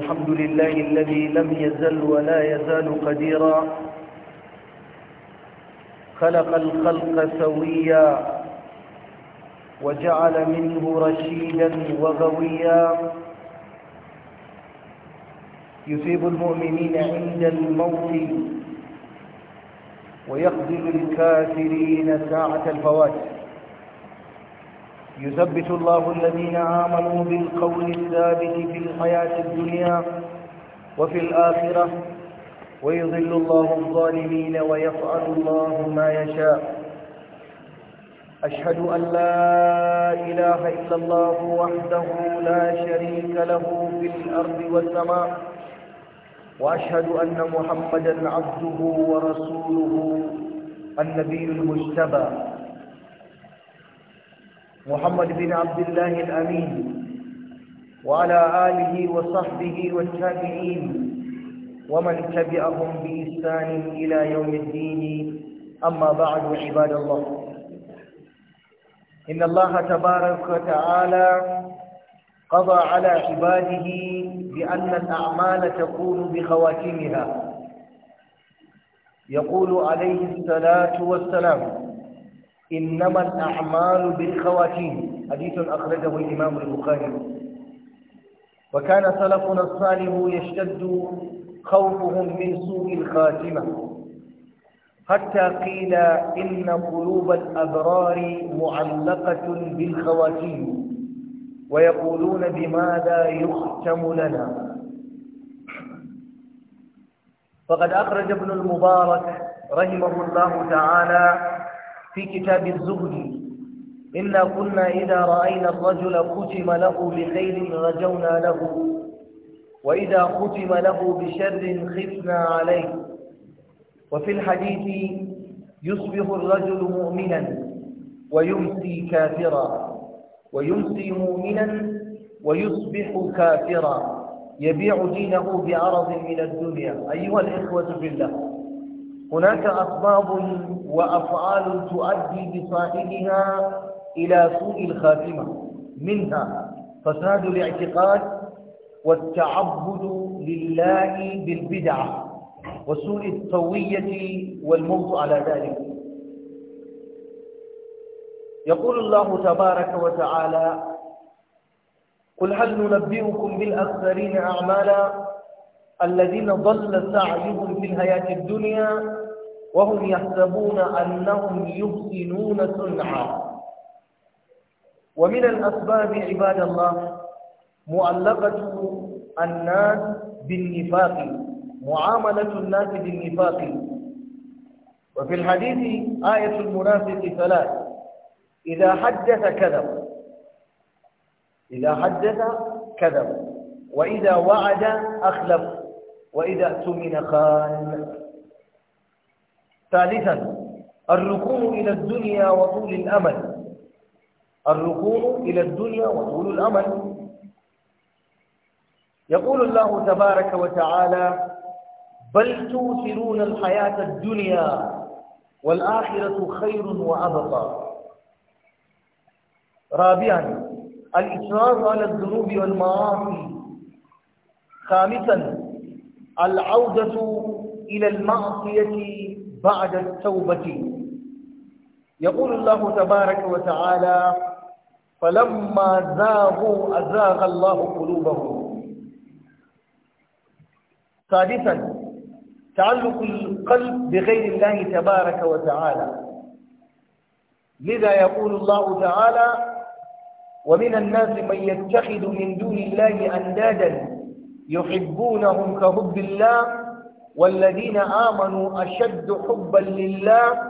الحمد لله الذي لم يزل ولا يزال قديرا خلق الخلق سويا وجعل منه رشيدا وغويا يثيب المؤمنين عند الموت ويخذل الكافرين ساعة الفوات يثبت الله الذين آمنوا بالقول الثابت في الحياة الدنيا وفي الآخرة ويظل الله الظالمين ويفعل الله ما يشاء أشهد أن لا إله إلا الله وحده لا شريك له في الأرض والسماء وأشهد أن محمدا عبده ورسوله النبي المجتبى محمد بن عبد الله الأمين وعلى آله وصحبه والتابعين ومن تبعهم بإحسان إلى يوم الدين أما بعد عباد الله إن الله تبارك وتعالى قضى على عباده بأن الأعمال تكون بخواتمها يقول عليه الصلاة والسلام إنما الأعمال بالخواتيم حديث أخرجه الإمام البخاري وكان سلفنا الصالح يشتد خوفهم من سوء الخاتمة حتى قيل إن قلوب الأبرار معلقة بالخواتيم ويقولون بماذا يختم لنا فقد أخرج ابن المبارك رحمه الله تعالى في كتاب الزهد إنا كنا إذا رأينا الرجل ختم له بخير رجونا له وإذا ختم له بشر خفنا عليه وفي الحديث يصبح الرجل مؤمنا ويمسي كافرا ويمسي مؤمنا ويصبح كافرا يبيع دينه بعرض من الدنيا أيها الإخوة في الله هناك أسباب وأفعال تؤدي بصاحبها إلى سوء الخاتمة منها فساد الاعتقاد والتعبد لله بالبدعة وسوء الطوية والموت على ذلك يقول الله تبارك وتعالى قل هل ننبئكم بالأخسرين أعمالا الذين ضل سعيهم في الحياة الدنيا وهم يحسبون أنهم يحسنون صنعا ومن الأسباب عباد الله معلقة الناس بالنفاق معاملة الناس بالنفاق وفي الحديث آية المنافق ثلاث إذا حدث كذب إذا حدث كذب وإذا وعد أخلف وإذا اؤتمن خان ثالثا الركون إلى الدنيا وطول الأمل الركون إلى الدنيا وطول الأمل يقول الله تبارك وتعالى بل توثرون الحياة الدنيا والآخرة خير وأبقى رابعا الإصرار على الذنوب والمعاصي خامسا العودة إلى المعصية بعد التوبة يقول الله تبارك وتعالى فلما زاغوا أزاغ الله قلوبهم سادسا تعلق القلب بغير الله تبارك وتعالى لذا يقول الله تعالى ومن الناس من يتخذ من دون الله أندادا يحبونهم كحب الله والذين آمنوا أشد حبا لله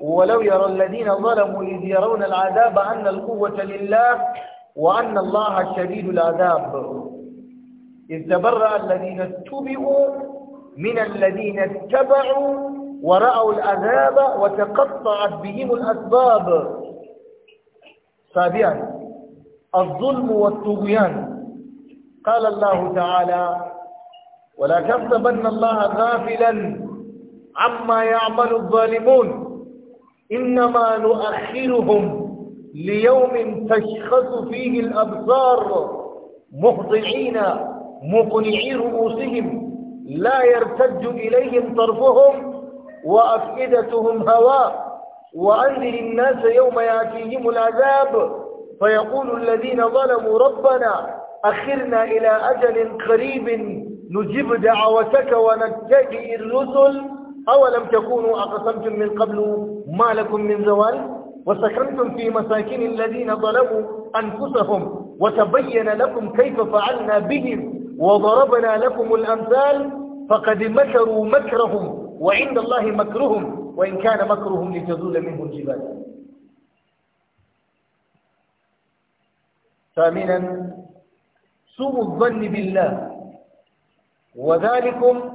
ولو يرى الذين ظلموا إذ يرون العذاب أن القوة لله وأن الله شديد العذاب إذ تبرأ الذين اتبعوا من الذين اتبعوا ورأوا العذاب وتقطعت بهم الأسباب سابعا الظلم والطغيان قال الله تعالى ولا تحسبن الله غافلا عما يعمل الظالمون إنما نؤخرهم ليوم تشخص فيه الأبصار مهطعين مقنعي رؤوسهم لا يرتد إليهم طرفهم وأفئدتهم هواء وأنذر الناس يوم يأتيهم العذاب فيقول الذين ظلموا ربنا أخرنا إلى أجل قريب نجيب دعوتك ونتجئ الرسل أولم تكونوا أقسمتم من قبل ما لكم من زوال وسكنتم في مساكن الذين ظلموا أنفسهم وتبين لكم كيف فعلنا بهم وضربنا لكم الأمثال فقد مكروا مكرهم وعند الله مكرهم وإن كان مكرهم لتزول منه الجبال ثامنا سوء الظن بالله وذلكم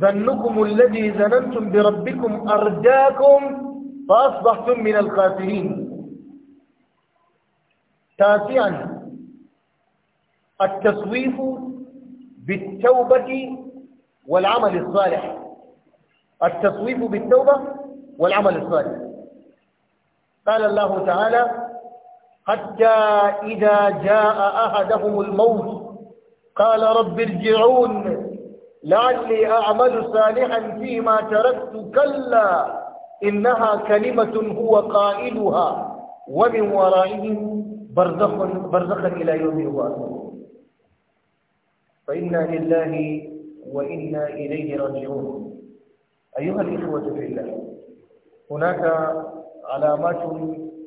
ظنكم الذي ظننتم بربكم أرداكم فأصبحتم من الخاسرين تاسعا التصويف بالتوبة والعمل الصالح التصويف بالتوبة والعمل الصالح قال الله تعالى حتى إذا جاء أحدهم الموت قال رب ارجعون لعلي أعمل صالحا فيما تركت كلا إنها كلمة هو قائلها ومن ورائهم برزخ برزخا إلى يوم يبعثون فإنا لله وإنا إليه راجعون أيها الإخوة في الله هناك علامات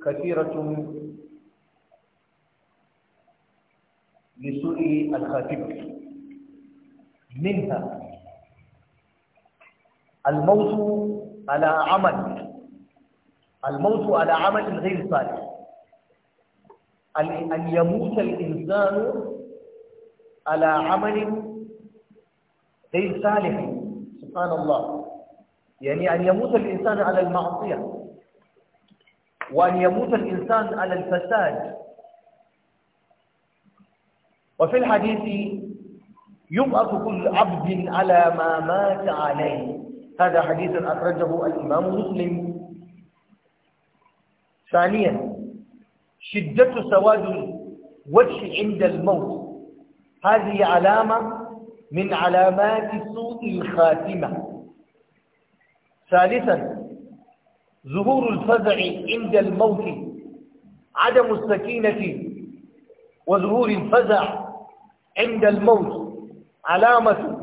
كثيرة لسوء الخاتمة منها الموت على عمل الموت على عمل غير صالح أن يموت الإنسان على عمل غير صالح سبحان الله يعني أن يموت الإنسان على المعصية وأن يموت الإنسان على الفساد وفي الحديث يبعث كل عبد على ما مات عليه هذا حديث أخرجه الإمام مسلم ثانيا شدة سواد الوجه عند الموت هذه علامة من علامات سوء الخاتمة ثالثا ظهور الفزع عند الموت عدم السكينة وظهور الفزع عند الموت علامة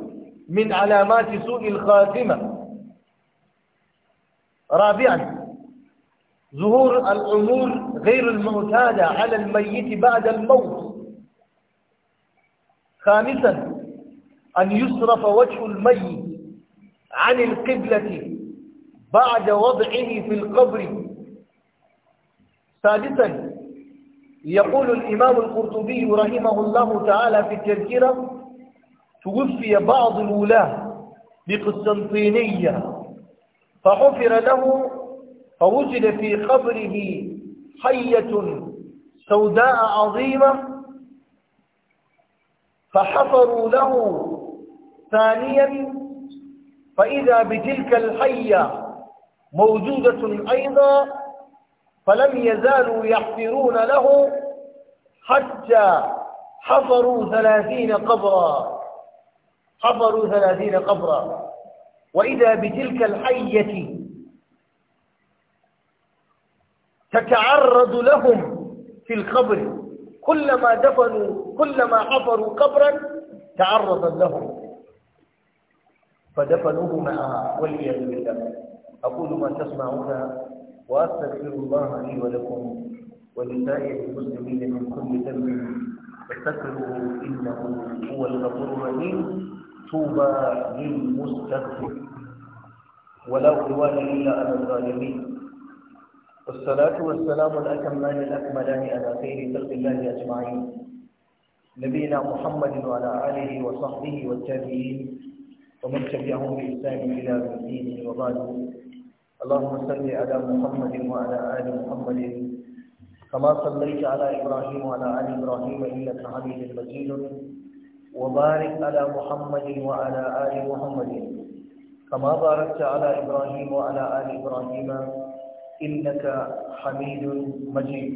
من علامات سوء الخاتمة رابعا ظهور الأمور غير المعتادة على الميت بعد الموت خامسا أن يصرف وجه الميت عن القبلة بعد وضعه في القبر سادسا يقول الإمام القرطبي رحمه الله تعالى في التذكرة توفي بعض الولاة بقسطنطينية فحفر له فوجد في قبره حية سوداء عظيمة فحفروا له ثانيا فإذا بتلك الحية موجودة أيضا فلم يزالوا يحفرون له حتى حفروا ثلاثين قبرا حفروا ثلاثين قبرا وإذا بتلك الحية تتعرض لهم في القبر كلما دفنوا كلما حفروا قبرا تعرضت لهم فدفنوه معها والعياذ بالله أقول ما تسمعون وأستغفر الله لي ولكم ولسائر المسلمين من كل ذنب فاستغفروه إنه هو الغفور الرحيم طوبى للمستغفر ولا عدوان إلا على الظالمين والصلاة والسلام الأكملان الأكملان على خير خلق الله أجمعين نبينا محمد وعلى آله وصحبه والتابعين ومن تبعهم بإحسان إلى الدين وبعد اللهم صل على محمد وعلى آل محمد كما صليت على إبراهيم وعلى آل إبراهيم إنك حميد مجيد وبارك على محمد وعلى آل محمد كما باركت على إبراهيم وعلى آل إبراهيم إنك حميد مجيد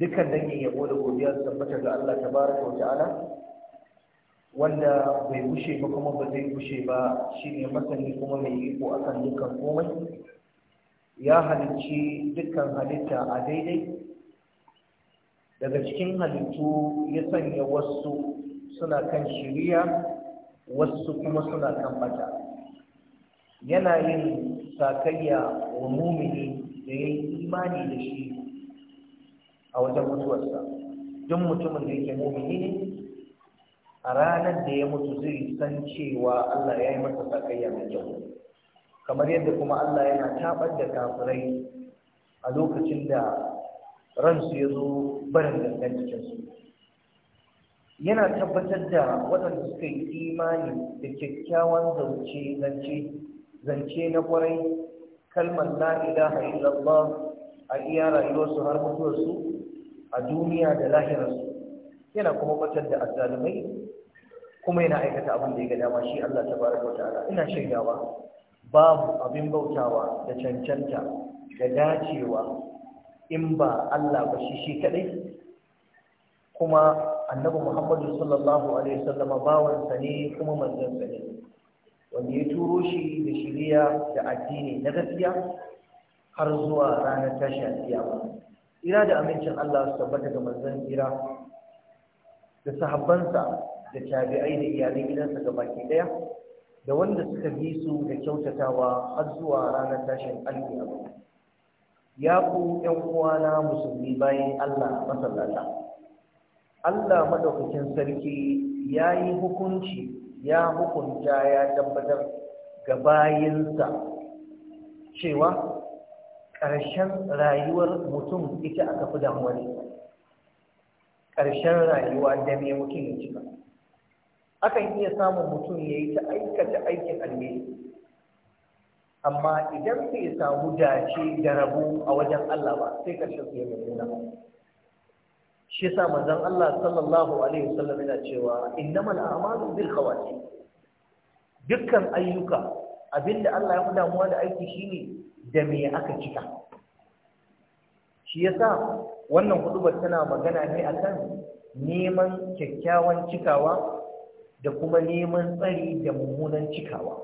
ذكر دنيا يقول أبو ثبت على الله تبارك وتعالى wanda bai gushe ba kuma ba zai gushe ba shine masani kuma mai iko akan dukkan komai ya halicci dukkan halitta a daidai daga cikin halittu ya sanya wasu suna kan shirya wasu kuma suna kan bata yana yin sakayya wa mumini da ya yi imani da shi a wajen mutuwarsa Don mutumin da yake mumini ne a ranar da ya mutu zai san cewa Allah ya yi masa tsakayya mai kyau kamar yadda kuma Allah yana tabar da kafirai a lokacin da ransu ya zo barin gangan yana tabbatar da waɗanda suka yi imani da kyakkyawan zance zance na kwarai kalmar la ilaha illallah a iya rayuwarsu har mutuwarsu a duniya da lahirarsu yana kuma batar da azzalumai kuma yana aikata abin da ya ga dama shi Allah ta wa ta'ala ina shaidawa babu abin bautawa da cancanta da dacewa in ba Allah ba shi shi kadai kuma annabi Muhammadu sallallahu alaihi wasallama bawansa ne kuma manzansa ne wanda ya turo shi da shiriya da addini na gaskiya har zuwa ranar tashi alkiyama ira da amincin Allah su tabbata ga manzon ira da sahabbansa da tabi'ai da iyalai gidansa ga baki daya da wanda suka bi su da kyautatawa har zuwa ranar tashin alƙiyama ya ku ƴan na musulmi bayan Allah masallata Allah madaukakin sarki ya yi hukunci ya hukunta ya tabbatar ga bayinsa cewa ƙarshen rayuwar mutum ita aka fi damuwa ne ƙarshen rayuwa da mai mutum ya cika akan iya samun mutum ya yi ta aikata aikin alheri amma idan bai samu dace da rabu a wajen Allah ba sai karshen su ya nuna shi yasa manzon Allah sallallahu alaihi wasallam yana cewa innamal a'malu bil khawati dukkan ayyuka abinda Allah ya fi damuwa da aiki shine da me aka cika shi yasa wannan hudubar tana magana ne akan neman kyakkyawan cikawa da kuma neman tsari da mummunan cikawa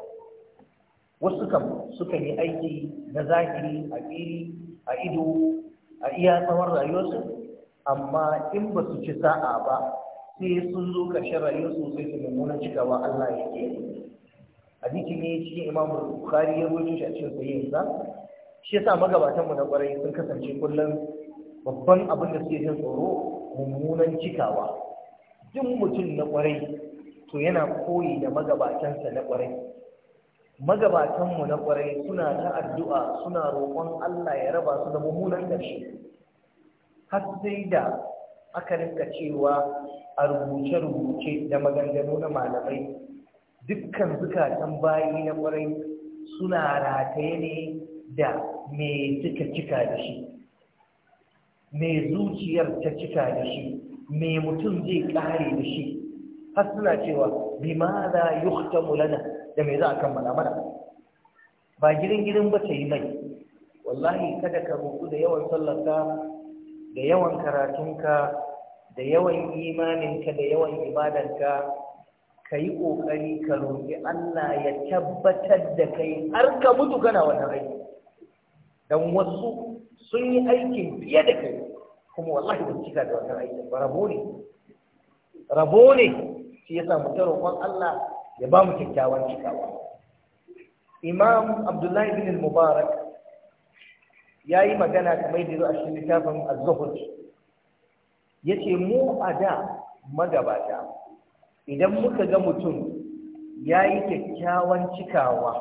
wasu kam suka yi aiki na zahiri a fili a ido a iya tsawon rayuwarsu amma in ba su ci sa'a ba sai sun zo ƙarshen rayuwarsu sai su mummunan cikawa Allah ya ke A jikin ne cikin imam bukhari ya rubuta shi a cikin sahihinsa shi yasa magabatanmu na kwarai sun kasance kullum babban abin da suke jin tsoro mummunan cikawa duk mutum na kwarai to yana koyi da magabatansa na ƙwarai magabatanmu na ƙwarai suna ta addu'a suna roƙon Allah ya raba su da mummunan ƙarshe har sai da aka rinka cewa a rubuce-rubuce da maganganu na malamai dukkan zukatan bayi na ƙwarai suna rataye ne da me suka cika da shi me zuciyar ta cika da shi me mutum zai ƙare da shi har suna cewa bima la yuhtamu lana da mai za a kammala mana ba girin girin ba ta yi mai wallahi kada ka roƙu da yawan sallarka da yawan karatunka da yawan imaninka da yawan ibadanka ka yi ƙoƙari ka roƙi Allah ya tabbatar da kai har ka mutu kana wata aiki don wasu sun yi aikin fiye da kai kuma wallahi ba cika da wannan aiki ba rabo ne shi yasa mu ta roƙon Allah ya ba mu kyakkyawan cikawa imam abdullahi bin mubarak ya yi magana kamar da a cikin littafin az-zuhud ce mu a da magabata idan muka ga mutum ya yi kyakkyawan cikawa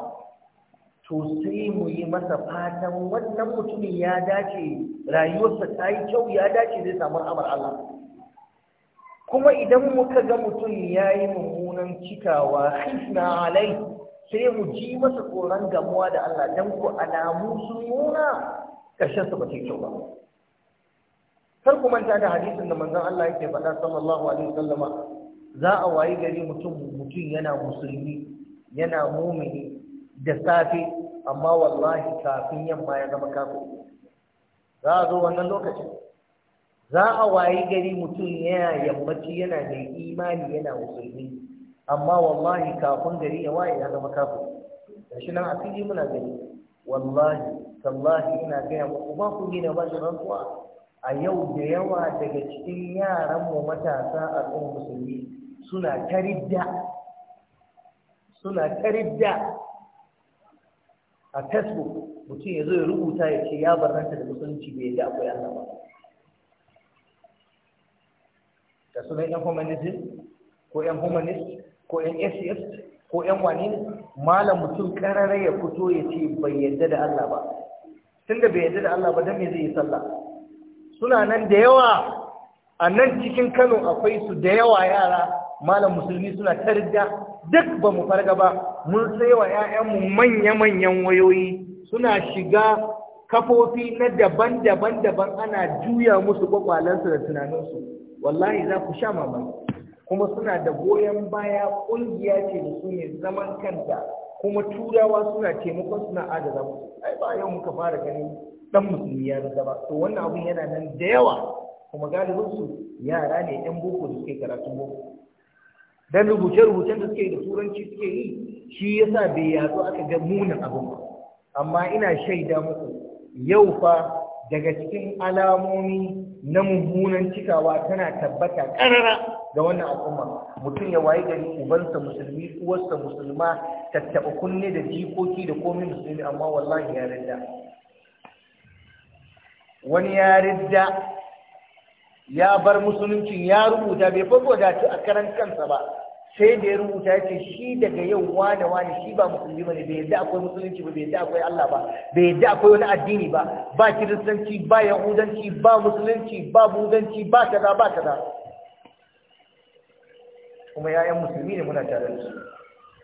to sai mu yi masa fatan wannan mutumin ya dace rayuwarsa ta yi kyau ya dace zai samu amar Allah kuma idan muka ga mutum ya yi mummunan cikawa khifna alai sai mu ji masa tsoron gamuwa da Allah don ku alamu sun nuna ƙarshen su ba ta kyau ba kar ku manta da hadisin da manzon Allah yake faɗa sallallahu alaihi wasallama za a wayi gari mutum mutum yana musulmi yana mumini da safe amma wallahi kafin yamma ya zama kafin. za a zo wannan lokacin za a wayi gari mutum yana yammaci yana da imani yana musulmi amma wallahi kafin gari ya waye ya zama kafin shi nan a fili muna gani wallahi tallahi ina gaya muku ba ku gina ba shi rantsuwa a yau da yawa daga cikin yaranmu matasa a tsohon musulmi suna ta suna ta a facebook mutum ya zo ya rubuta ya ce ya barnata da musulunci bai da akwai Allah ba da sunan yan humanism ko yan humanist ko yan atheist ko yan wani malam mutum karare ya fito ya ce bai yadda da Allah ba tunda bai yadda da Allah ba don me zai yi sallah suna nan da yawa a nan cikin Kano akwai su da yawa yara malam musulmi suna tarda duk ba mu farga ba mun saiwa ƴaƴanmu manya-manyan wayoyi suna shiga kafofi na daban-daban daban ana juya musu kwakwalensu da tunaninsu wallahi za ku sha mamaki kuma suna da goyon baya ƙungiya ce da su ne zaman kanta kuma turawa suna taimakon suna adana musu ai ba yau muka fara ganin dan musulmi ya riga ba to wannan abun yana nan da yawa kuma galibin su yara ne yan boko da suke karatun boko dan rubuce rubucen da suke da turanci suke yi shi yasa bai yazo aka ga munin abun ba amma ina shaida muku yau fa daga cikin alamomi na mummunan cikawa tana tabbata ƙarara ga wannan al'umma mutum ya wayi gari ubansa musulmi uwarsa musulma tattaɓa kunne da jikoki da komai musulmi amma wallahi ya ridda wani ya ridda ya bar musuluncin ya rubuta bai da wadatu a karan kansa ba sai da ya rubuta ya ce shi daga yau wane wane shi ba musulmi ne bai yadda akwai musulunci ba bai yadda akwai Allah ba bai yadda akwai wani addini ba ba kiristanci ba yahudanci ba musulunci ba budanci ba kaza ba kaza kuma yayan musulmi ne muna tare da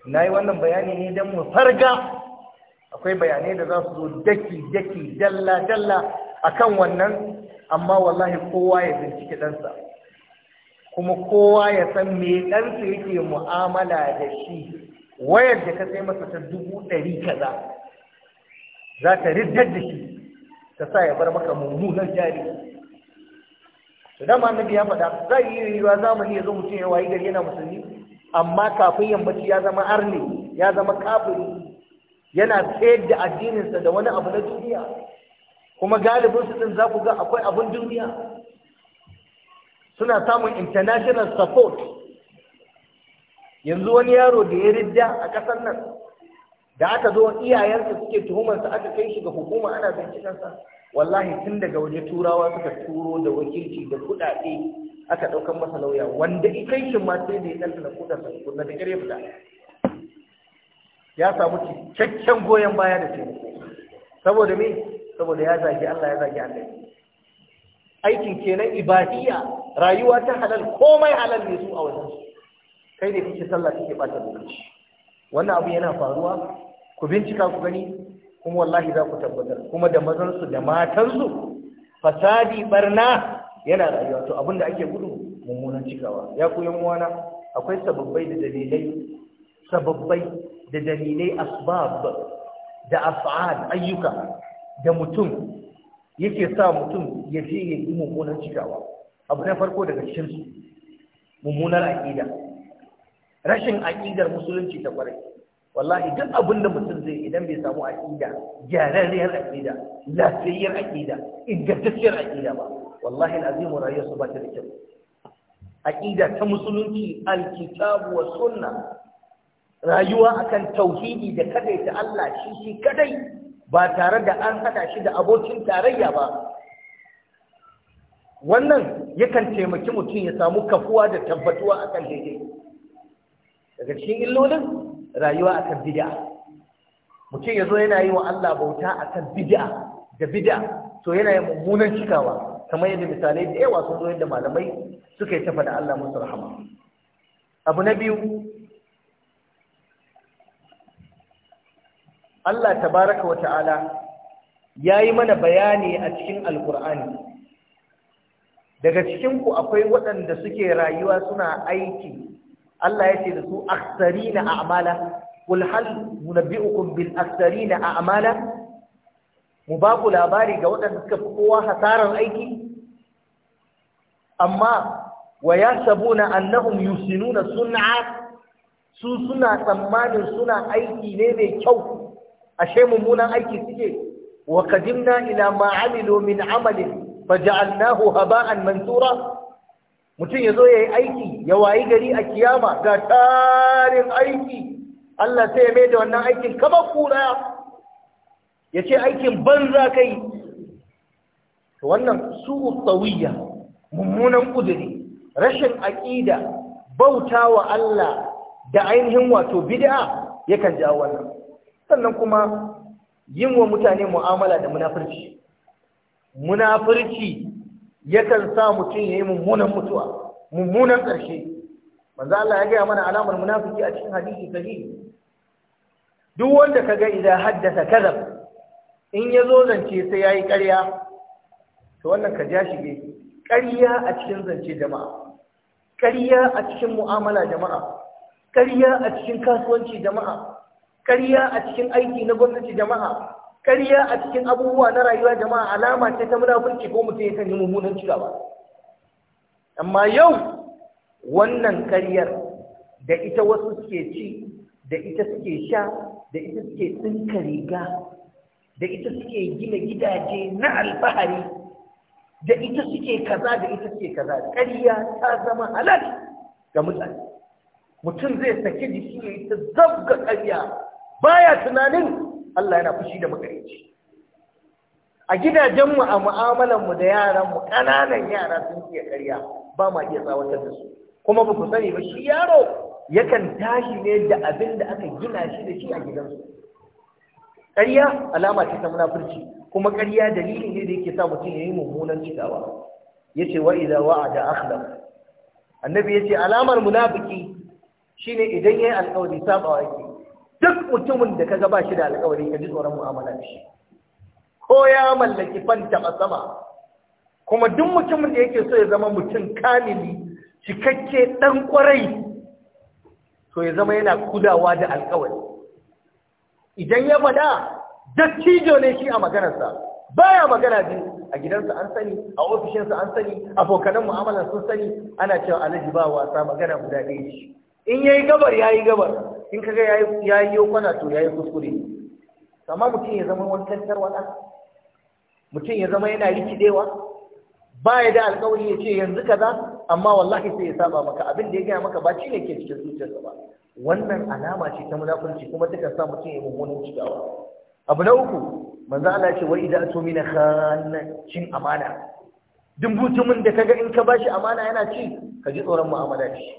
su nayi wannan bayani ne dan mu farga akwai bayanai da za su zo daki daki dalla dalla akan wannan amma wallahi kowa ya bincike ɗansa kuma kowa ya san me ɗansa yake mu'amala da shi wayar da ka sai masa ta dubu ɗari kaza za ta riddar da shi ta sa ya bar maka mummunan jari to dama annabi ya faɗa za yi yiwuwa zamani ya zo mutum ya wayi gari yana musulmi amma kafin yammaci ya zama arne ya zama kafiri yana tsayar da addininsa da wani abu na duniya kuma galibin su din za ku ga akwai abin duniya suna samun international support yanzu wani yaro da ya ridda a ƙasar nan da aka zo iyayensa suke tuhumarsa aka kai shi ga hukuma ana bincikansa. wallahi tun daga waje turawa suka turo da wakilci da kuɗaɗe aka ɗaukar masa lauya wanda kai shi ma sai da ya ɗanɗana kuɗarsa kuma da ƙarfe fita ya samu cikakken goyon baya da taimako saboda me saboda ya zagi Allah ya zagi Allah aikin kenan ibadiyya rayuwa ta halal komai halal ne su a wajen su kai ne kuke sallah kuke bata lokaci wannan abu yana faruwa ku bincika ku gani kuma wallahi za ku tabbatar kuma da mazan su da matan su fasadi barna yana rayuwa to da ake gudu mummunan cikawa ya ku yan uwana akwai sababbai da dalilai sababbai da dalilai asbab da af'al ayyuka da mutum yake sa mutum ya je ya yi mummunan cikawa abu na farko daga cikin su mummunar aƙida. rashin aƙidar musulunci ta kwarai wallahi duk abin da mutum zai idan bai samu aƙida gyararriyar aqida lafiyayyar aƙida ingantacciyar aƙida ba wallahi alazim rayuwarsa ba ta da kyau ta musulunci alkitabu sunna rayuwa akan tauhidi da kadaita Allah shi shi kadai ba tare da an haɗa shi da abokin tarayya ba wannan yakan taimaki mutum ya samu kafuwa da tabbatuwa akan daidai daga cikin illolin rayuwa akan bid'a mutum ya zo yana yi wa Allah bauta akan bid'a da bid'a to yana yin mummunan cikawa kamar yadda misalai da yawa sun zo yadda malamai suka yi tafa da Allah musu rahama abu na biyu Allah tabaraka wa ta'ala ya yi mana bayani a cikin alkur'ani daga cikinku akwai waɗanda suke rayuwa suna aiki Allah ya ce da su aksari na a'amala kul hal munabbi'ukum bil aksari na a'amala mu ba ku labari ga waɗanda suka fi kowa hasarar aiki amma wa ya sabuna annahum yusinuna sun'a su suna tsammanin suna aiki ne mai kyau ashe mummunan aiki suke wa qadimna ila ma amilu min amalin faja'alnahu haba'an mansura mutum yazo yayi aiki ya wayi gari a kiyama ga tarin aiki Allah sai ya mai da wannan aikin kamar kura yace aikin banza kai to wannan su'u tawiyya mummunan kudiri rashin aƙida, bautawa Allah da ainihin wato bid'a yakan jawo wannan sannan kuma yin wa mutane mu'amala da munafurci munafurci yakan sa mutum ya yi mummunan mutuwa mummunan ƙarshe manzo Allah ya gaya mana alamar munafiki a cikin hadisi sahihi duk wanda ka ga idan haddasa kadab in ya zo zance sai yayi ƙarya to wannan ka ja shi ne ƙarya a cikin zance jama'a ƙarya a cikin mu'amala jama'a ƙarya a cikin kasuwanci jama'a Karya a cikin aiki na gwamnati jama'a karya a cikin abubuwa na rayuwa jama'a alama ce ta munafurci ko mutum ya sanya mummunan cigaba amma yau wannan karyar da ita wasu suke ci da ita suke sha da ita suke tsinka riga da ita suke gina gidaje na alfahari da ita suke kaza da ita suke kaza kariya ta zama halal ga mutane mutum zai saki jiki ya yi ta zabga kariya baya tunanin Allah yana fushi da makarici a gidajenmu a mu'amalanmu da yaranmu ƙananan yara sun iya ƙarya ba ma iya tsawatar da su kuma ba ku sani ba shi yaro yakan tashi ne da abin da aka gina shi da shi a gidansu ƙarya alama ce ta munafurci kuma ƙarya dalili ne da yake sa mutum ya yi mummunan cikawa ya ce wa idza da akhlaf annabi ya ce alamar munafiki shine idan ya yi alƙawari sabawa yake duk mutumin da kaga ba shi da alƙawari ka ji tsoron mu'amala da shi ko ya mallaki fanta a sama kuma duk mutumin da yake so ya zama mutum kamili cikakke dan kwarai. to ya zama yana kudawa da alƙawari idan ya faɗa dattijo ne shi a maganarsa baya magana biyu a gidansa an sani a ofishinsa an sani abokanan mu'amalar sun sani ana cewa alhaji ba wasa magana guda ɗaya shi in yayi gabar yayi gabar in kaga yi yayi kwana to ya yi kuskure amma mutum ya zama wani tantar mutum ya zama yana rikidewa ba ya da alkawari ya ce yanzu kaza amma wallahi sai ya saba maka abin da ya gaya maka ba shi ne ke cikin zuciyarsa ba wannan alama ce ta munafurci kuma takan sa mutum ya mummunan cigawa abu na uku manzo Allah ce wa idza atumina khanna amana duk mutumin da kaga in ka bashi amana yana ci ka ji tsoron ma'amala shi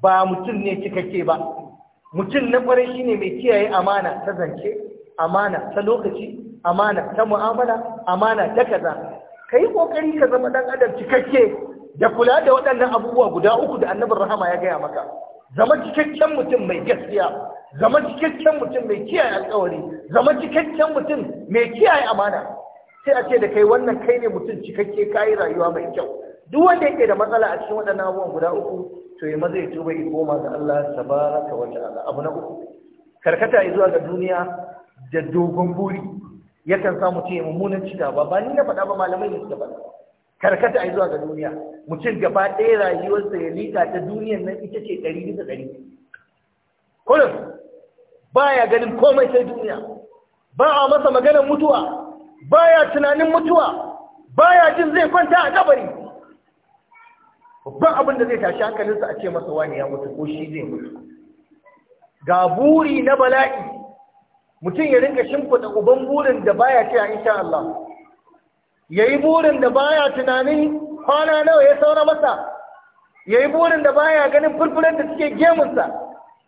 ba mutum ne cikakke ba mutum na shi ne mai kiyaye amana ta zance amana ta lokaci amana ta mu'amala amana ta kaza Ka yi ƙoƙari ka zama ɗan adam cikakke da kula da waɗannan abubuwa guda uku da annabin rahama ya gaya maka zama cikakken mutum mai gaskiya zama cikakken mutum mai kiyaye alkawari zama cikakken mutum mai kiyaye amana sai a ce da kai wannan kai ne mutum cikakke kayi rayuwa mai kyau duk wanda yake da matsala a cikin waɗannan abubuwan guda uku to yi mazai ya tuba yi koma ga Allah ta wata ala abu na uku karkata zuwa ga duniya da dogon buri yakan samu ce mummunan cika ba ba ni na faɗa ba malamai ne suka faɗa karkata a zuwa ga duniya mutum gaba ɗaya rayuwarsa ya liƙa ta duniyan nan ita ce ɗari bisa ɗari kullum baya ganin komai sai duniya ba a masa maganar mutuwa baya tunanin mutuwa baya jin zai kwanta a kabari babban abin da zai tashi hankalinsa a ce masa wani ya mutu ko shi zai mutu ga buri na bala'i mutum ya rinka shimfiɗa uban burin da baya ce a insha Allah ya yi burin da baya tunanin kwana nawa ya saura masa ya yi burin da baya ganin furfuran da suke gemunsa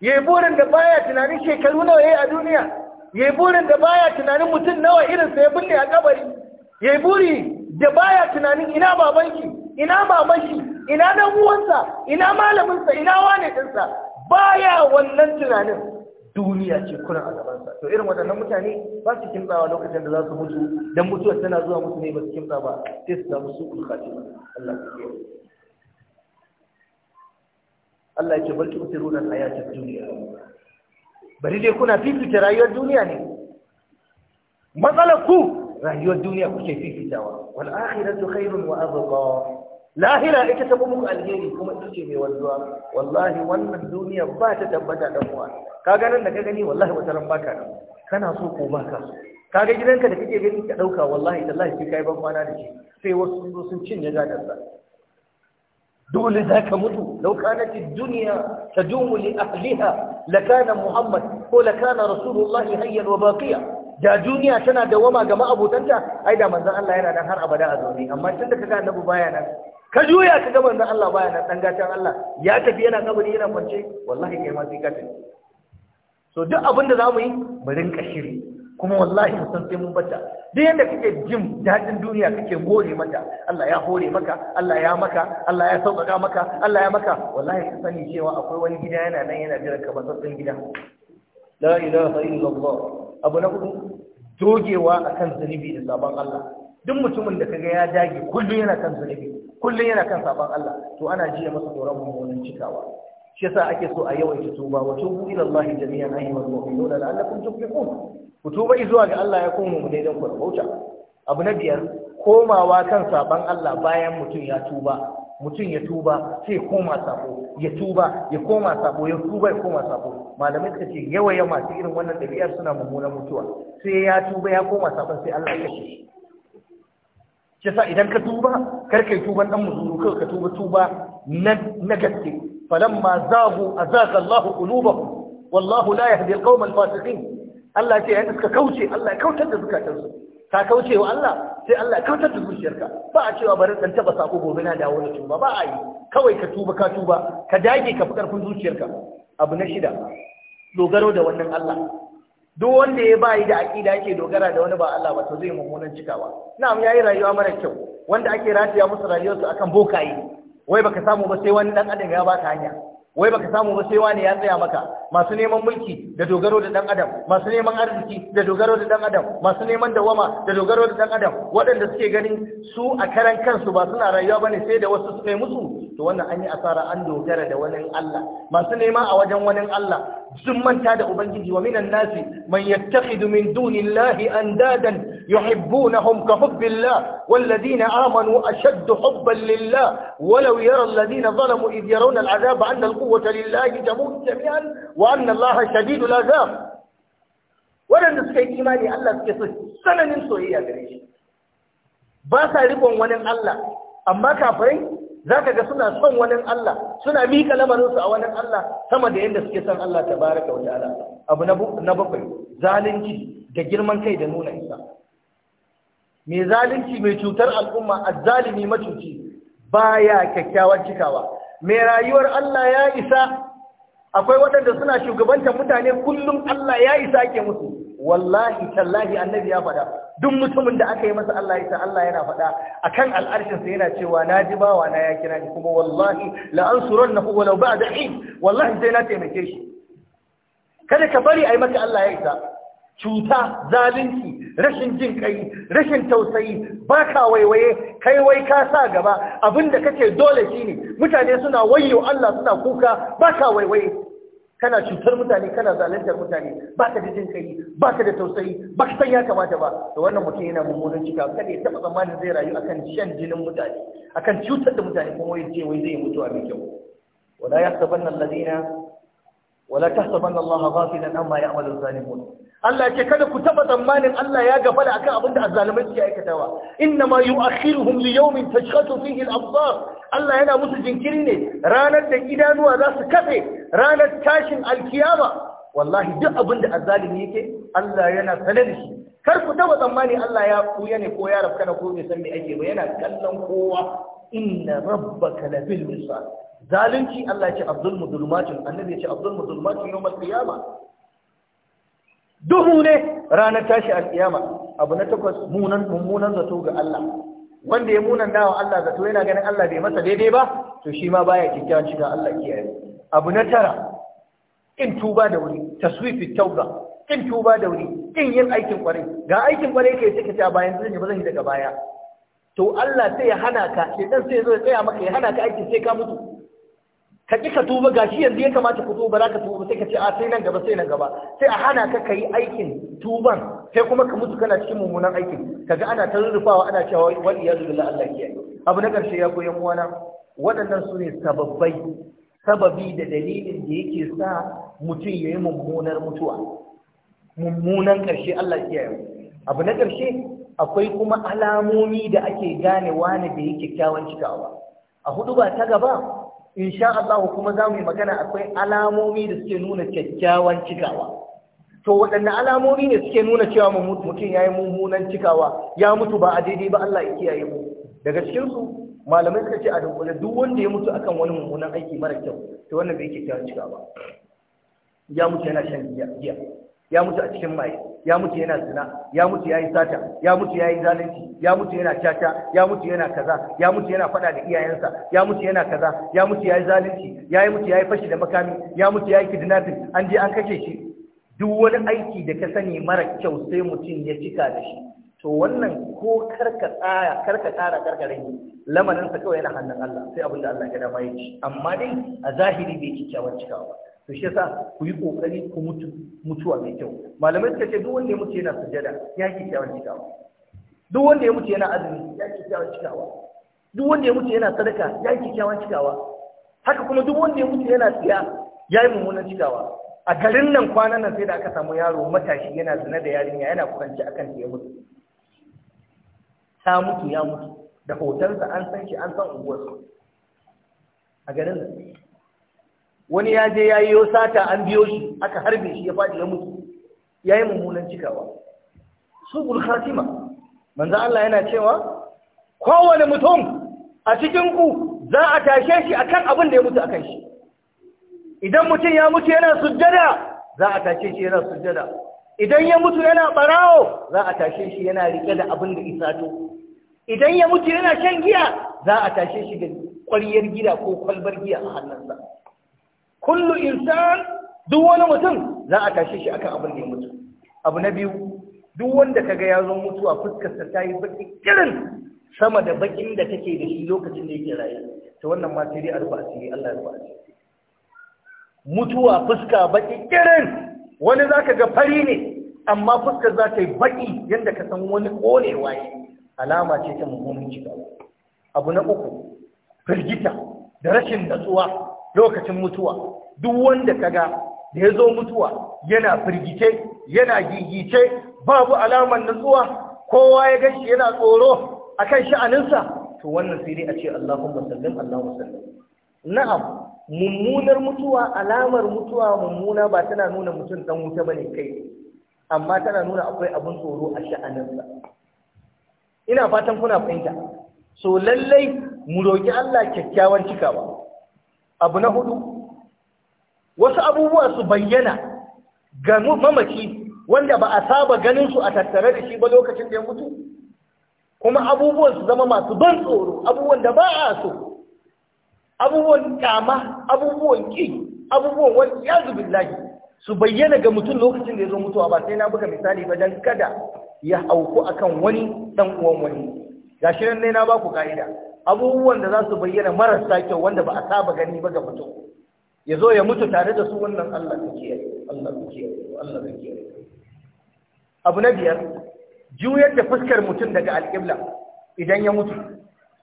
ya yi burin da baya tunanin shekaru nawa ya yi a duniya ya yi burin da baya tunanin mutum nawa irinsa ya binne a kabari ya yi buri da baya tunanin ina babanki ina mamaki ina dan uwansa ina malaminsa ina wane ɗinsa baya wannan tunanin duniya ce kuna a gabansa to irin waɗannan mutane ba su kimtsawa lokacin da za su mutu dan mutuwar tana zuwa musu ne ba su kimtsa ba sai su samu su ulkati Allah ya Allah ya ce bal tu'thiruna al-hayata duniya. dunya bari dai kuna fifita rayuwar duniya ne matsalar ku rayuwar duniya kuke fifitawa wal akhiratu khairun wa abqa lahira ita ta muku alheri kuma ita ce mai wanzuwa wallahi wannan duniya ba ta tabbata dan uwa ka ganin da ka gani wallahi wata ran baka kana so ko baka kaga gidanka da kake gani ka dauka wallahi tallahi sai kai ban kwana da shi sai wasu sun zo sun cinye gadon sa dole za ka mutu lau kanati duniya tadumu li ahliha lakana muhammad ko lakana rasulullahi hayyan wa baqiya da duniya tana wama ga ma'abutanta ai da manzon Allah yana nan har abada a zaune amma tun da kaga annabi baya nan ka juya ka ga manzon Allah baya nan dan gatan Allah ya tafi yana kabari yana kwance wallahi kai ma sai ka tafi so duk abin da zamu yi mu rinka shiri kuma wallahi mun san sai mun bata duk yanda kake jin dadin duniya kake gore mata Allah ya hore maka Allah ya maka Allah ya sauƙaƙa maka Allah ya maka wallahi ka sani cewa akwai wani gida yana nan yana jira ka ba gida la ilaha illallah abu na hudu dogewa akan zunubi da sabon Allah duk mutumin da kaga ya dage kullum yana kan zunubi kullum yana kan sabon Allah to ana jiya masa tsoron mummunan cikawa shi yasa ake so a yawaita tuba wa tubu ila Allah jami'an ayyuhal mu'minun la'allakum tuflihun ku tuba zuwa ga Allah ya kuma mu daidan ku abu na biyar komawa kan sabon Allah bayan mutum ya tuba mutum ya tuba sai koma sabo ya tuba ya koma sabo ya tuba ya koma sabo malamai suka ce yawa ya masu irin wannan ɗabi'ar suna mummunan mutuwa sai ya tuba ya koma sabon sai Allah ya kashe shi sa idan ka tuba kar kai tuban dan muzuru kawai ka tuba tuba na gaske falamma zagu azaga Allahu qulubahum wallahu la yahdi al-qawma al-fasiqin Allah ya ce yayin suka kauce Allah ya kautar da zukatansu ka kauce wa Allah sai Allah kautar da zuciyarka ba a cewa bari dan taba sako gobe na dawo da tuba ba a yi kawai ka tuba ka tuba ka dage ka fi karfin zuciyarka abu na shida dogaro da wannan Allah duk wanda ya bayi da aqida yake dogara da wani ba Allah ba to zai mummunan cikawa na'am yayi rayuwa mara kyau wanda ake rataya musu rayuwarsu akan bokaye wai baka samu ba sai wani dan adam ya baka hanya wai baka samu ba sai wani ya tsaya maka masu neman mulki da dogaro da dan adam masu neman arziki da dogaro da dan adam masu neman dawama da dogaro da dan adam waɗanda suke ganin su a karan kansu ba suna rayuwa bane sai da wasu su ne musu to wannan an yi asara an dogara da wani Allah masu nema a wajen wani Allah sun manta da ubangiji wa minan nasi man yattakhidu min dunillahi andadan يحبونهم كحب الله والذين آمنوا أشد حبا لله ولو يرى الذين ظلموا إذ يرون العذاب أن القوة لله تموت جميعا وأن الله شديد العذاب ولن نسكي إيمان ألا كثير سنة ننسو هي أدريش باسا ربهم ونم الله أما كافرين ذاك جسنا سن ونم الله سنة ميك لما نوسع ونم الله ثم دي عندس كثير الله تبارك وتعالى أبو نبو نبو زالنجي da girman kai da nuna إنسان mai zalunci mai cutar al'umma a azzalimi macuci ba ya kyakkyawar cikawa mai rayuwar Allah ya isa akwai waɗanda suna shugabantar mutane kullum Allah ya isa ake musu wallahi tallahi annabi ya faɗa duk mutumin da aka yi masa Allah ya Allah yana faɗa A kan sa yana cewa na ji bawa na ya kira ni kuma wallahi la ansurannahu walau ba'da hin wallahi sai na taimake shi kada ka bari a yi maka Allah ya isa cuta zalunci rashin jin kai rashin tausayi ba ka waiwaye kai wai ka sa gaba abinda kake dole shine mutane suna wayo Allah suna kuka ba ka waiwaye kana cutar mutane kana zaluntar mutane ba ka da jin kai ba ka da tausayi ba ka san ya kamata ba to wannan mutum yana mummunan cika kada ya taba tsammanin zai rayu akan shan jinin mutane akan cutar da mutane kuma wai ce wai zai mutuwa mai kyau wala yahsabanna alladhina wala tahsabanna Allah ghafilan amma ya'malu zalimun Allah ce kada ku taba tsammanin Allah ya gafala akan abin da azzalimai suke aikatawa innama yu'akhiruhum li yawmin tashkhatu fihi al-absar Allah yana musu jinkiri ne ranar da idanuwa za su kafe ranar tashin alkiyama wallahi duk abin da azzalimi yake Allah yana sane da shi kar ku taba tsammani Allah ya kuya ne ko ya rafkana ko bai san me ake ba yana kallon kowa inna rabbaka labil misal zalunci Allah ce abdul mudulmatin annabi ya ce abdul mudulmatin yawmal qiyama duhu ne ranar tashi alkiyama abu na takwas munan mummunan zato ga Allah wanda ya munan dawa Allah zato yana ganin Allah bai masa daidai ba to shi ma baya kikkiawan shiga Allah kiyaye abu na tara in tuba da wuri taswifi tauba in tuba da wuri in yin aikin kwarai ga aikin kwarai kai sai ka ta bayan zan yi ba zan yi daga baya to Allah sai ya hana ka sai dan sai zo ya tsaya maka ya hana ka aikin sai ka mutu ka ƙi ka tuba gashi yanzu ya kamata ku tuba za ka tuba sai ka ce a ah, sai nan gaba sai nan gaba sai a hana ka kai aikin tuban sai kuma ka mutu kana cikin mummunan aikin kaga ana ta rurrufawa ana cewa wal ya billah Allah ya abu na karshe ya koyan uwana waɗannan su ne sababbai sababi da dalilin da yake sa mutum ya yi mummunar mutuwa mummunan karshe Allah ya yi abu na karshe akwai kuma alamomi da ake gane wani da yake kyakkyawan cikawa a hudu ba ta gaba In sha Allah kuma za mu yi magana akwai alamomi da suke nuna kyakkyawan cikawa to waɗanne alamomi ne suke nuna cewa mutum ya yi mummunan cikawa ya mutu ba a daidai ba Allah ya kiyaye mu daga cikinsu malamai suka ce a dunkule duk wanda ya mutu akan wani mummunan aiki mara kyau to wannan bai kyakkyawan cikawa ya mutu yana shan giya ya mutu a cikin mai ya mutu yana zina ya mutu yayi sata ya mutu yayi zalunci ya mutu yana caca ya mutu yana kaza ya mutu yana fada da iyayensa ya mutu yana kaza ya mutu yayi zalunci ya mutu yayi fashi da makami ya mutu yayi kidnapping an je an kashe shi duk wani aiki da ka sani mara kyau sai mutum ya cika da shi to wannan ko karka tsaya karka tsara karkarin lamarin sa kawai yana hannun Allah sai abin da Allah ya dama ci. amma dai a zahiri bai kikkiawar cikawa ba to shi yasa ku yi kokari ku mutu mutuwa mai kyau malamai suka ce duk wanda ya mutu yana sujada ya ki kyawun cikawa duk wanda ya mutu yana azumi ya ki kyawun cikawa duk wanda ya mutu yana sadaka ya ki kyawun cikawa haka kuma duk wanda ya mutu yana tsiya ya yi mummunan cikawa a garin nan kwanan nan sai da aka samu yaro matashi yana zina da yarinya yana kwanci akan ta ya mutu ta mutu ya mutu da hotonsa an san shi an san unguwarsa a garin nan wani ya je ya yi sata an biyo shi aka harbe shi ya faɗi ya mutu ya yi mummunan cikawa su gulhatima manzo Allah yana cewa kowane mutum a cikinku za a tashe shi akan abin da ya mutu akan shi idan mutum ya mutu yana sujjada za a tashe shi yana sujjada idan ya mutu yana barawo za a tashe shi yana rike da abin da isato idan ya mutu yana shan giya za a tashe shi da ƙwaryar gida ko kwalbar giya a hannunsa kullu insan duk wani mutum za a tashi shi akan abin da ya mutu abu na biyu duk wanda kaga ya zo mutuwa fuskarsa ta yi baki kirin sama da bakin da take da shi lokacin da yake raye to wannan ma sai dai a asiri Allah ya rufa mutuwa fuska baki kirin wani zaka ga fari ne amma fuskar za ta yi baki yadda ka san wani konewa ne alama ce ta mummunin cigaba abu na uku firgita da rashin natsuwa lokacin mutuwa duk wanda kaga da ya zo mutuwa yana firgice yana gigice babu alamar nutsuwa kowa ya ganshi yana tsoro akan sha'aninsa to wannan sai dai a ce Allahumma sallim Allahumma sallim na'am mummunar mutuwa alamar mutuwa mummuna ba tana nuna mutum dan wuta bane kai amma tana nuna akwai abin tsoro a sha'aninsa ina fatan kuna fahimta so lallai mu roki Allah kyakkyawan cikawa abu na hudu wasu abubuwa su bayyana ga mamaci wanda ba a saba ganin su a tattare da shi ba lokacin da ya mutu kuma abubuwan su zama masu ban tsoro abubuwan da ba a so abubuwan kama abubuwan ki abubuwan wani ya lagi su bayyana ga mutum lokacin da ya zo mutuwa ba sai na buga misali ba don kada ya auku akan wani dan uwan wani gashi nan ne na baku ka'ida abubuwan da za su bayyana marasa kyau wanda ba a saba gani ba ga mutum ya zo ya mutu tare da su wannan Allah ka kiyaye Allah ka kiyaye Allah ka kiyaye abu na biyar juyar da fuskar mutum daga alƙibla idan ya mutu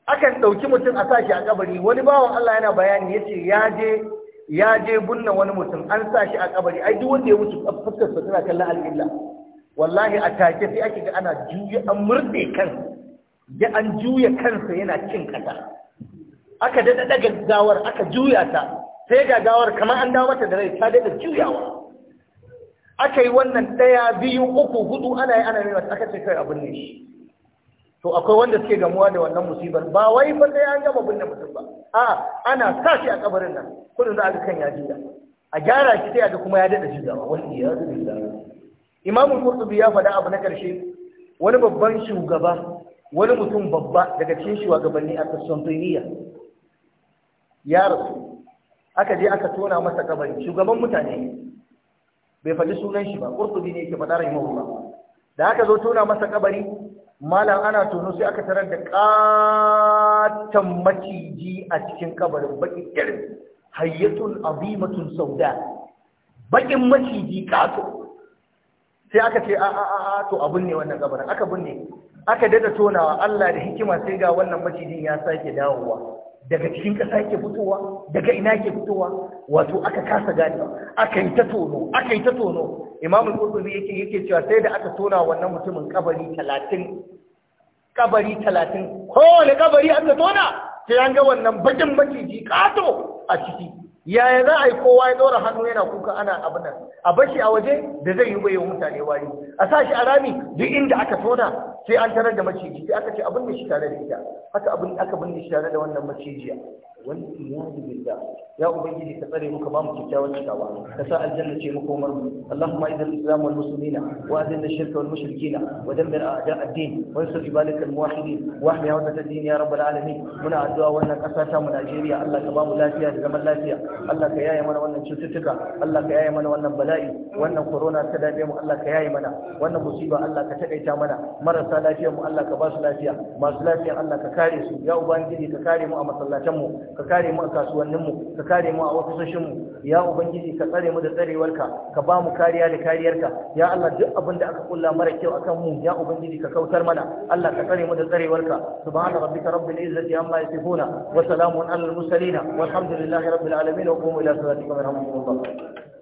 akan ɗauki mutum a sashi a kabari wani bawan Allah yana bayani ya je ya je bunna wani mutum an shi a kabari ai duk wanda ya mutu fuskar sa tana kallon alƙibla wallahi a take sai ake ga ana juya an murde kan ya an juya kansa yana cin kasa. aka daɗa daga gawar aka juya ta sai ga gawar kamar an dawo mata da rai ta daɗa juyawa aka yi wannan ɗaya biyu uku hudu ana yi ana yi aka ce kai abin ne shi to akwai wanda suke gamuwa da wannan musibar ba wai ba sai an gama binne mutum ba a ana sa shi a kabarin nan kudin da aka kan ya juya a gyara shi sai aka kuma ya daɗa juyawa wani ya zubi da imamul qurtubi ya faɗa abu na ƙarshe wani babban shugaba wani mutum babba daga cikin shugabanni a Constantinople ya rasu aka je aka tona masa kabari shugaban mutane bai faɗi sunan shi ba qurtubi ne yake faɗa ba. da aka zo tona masa kabari malam ana tono sai aka tarar da katan maciji a cikin kabarin baki irin hayyatun azimatun sauda bakin maciji kato sai aka ce a a a to abun ne wannan kabarin aka binne aka dada tonawa Allah da hikima sai ga wannan macijin ya sake dawowa daga cikin ƙasa yake fitowa daga ina yake fitowa wato aka kasa gani aka yi ta tono aka yi ta tono imamu qurtubi yake yake cewa sai da aka tona wannan mutumin kabari 30 kabari 30 kowane kabari aka tona sai an ga wannan bakin maciji kato a ciki yaya za a yi kowa ya ɗora hannu yana kuka ana abin nan a bashi a waje da zai yi bayan mutane wari a sa shi a rami duk inda aka tona sai an tarar da maciji sai aka ce abin da shi tare da ita haka abin aka binne shi tare da wannan macijiya wani iyali bai da ya ubangiji ka tsare muka ba mu kyakkyawar cikawa ka sa aljanna ce muku umar mu allahumma idan islamu wal muslimina wa adin da shirka wal mushrikina wa dambar a'da addin wa yusuf ibalik al muwahidin wa ahmi hawa ta dini ya rabbal alamin muna addu'a wannan ƙasa ta mu najeriya allah ka ba lafiya da zaman lafiya allah ka yaye mana wannan cututtuka allah ka yaye mana wannan bala'i wannan corona ta dabe mu allah ka yaye mana wannan musiba allah ka taƙaita mana marasa lafiya mu allah ka ba lafiya masu lafiya allah ka kare su ya ubangiji ka kare mu a masallatan mu ka kare mu a kasuwanninmu ka kare mu a ofisoshinmu ya ubangiji ka tsare mu da tsarewarka ka ba mu kariya da kariyarka ya Allah duk abin da aka kulla mara kyau akan mu ya ubangiji ka kautar mana Allah ka tsare mu da tsarewarka subhana rabbika rabbil izzati amma yasifuna wa salamun alal mursalin walhamdulillahi rabbil alamin wa qumu ila salatikum yarhamukumullah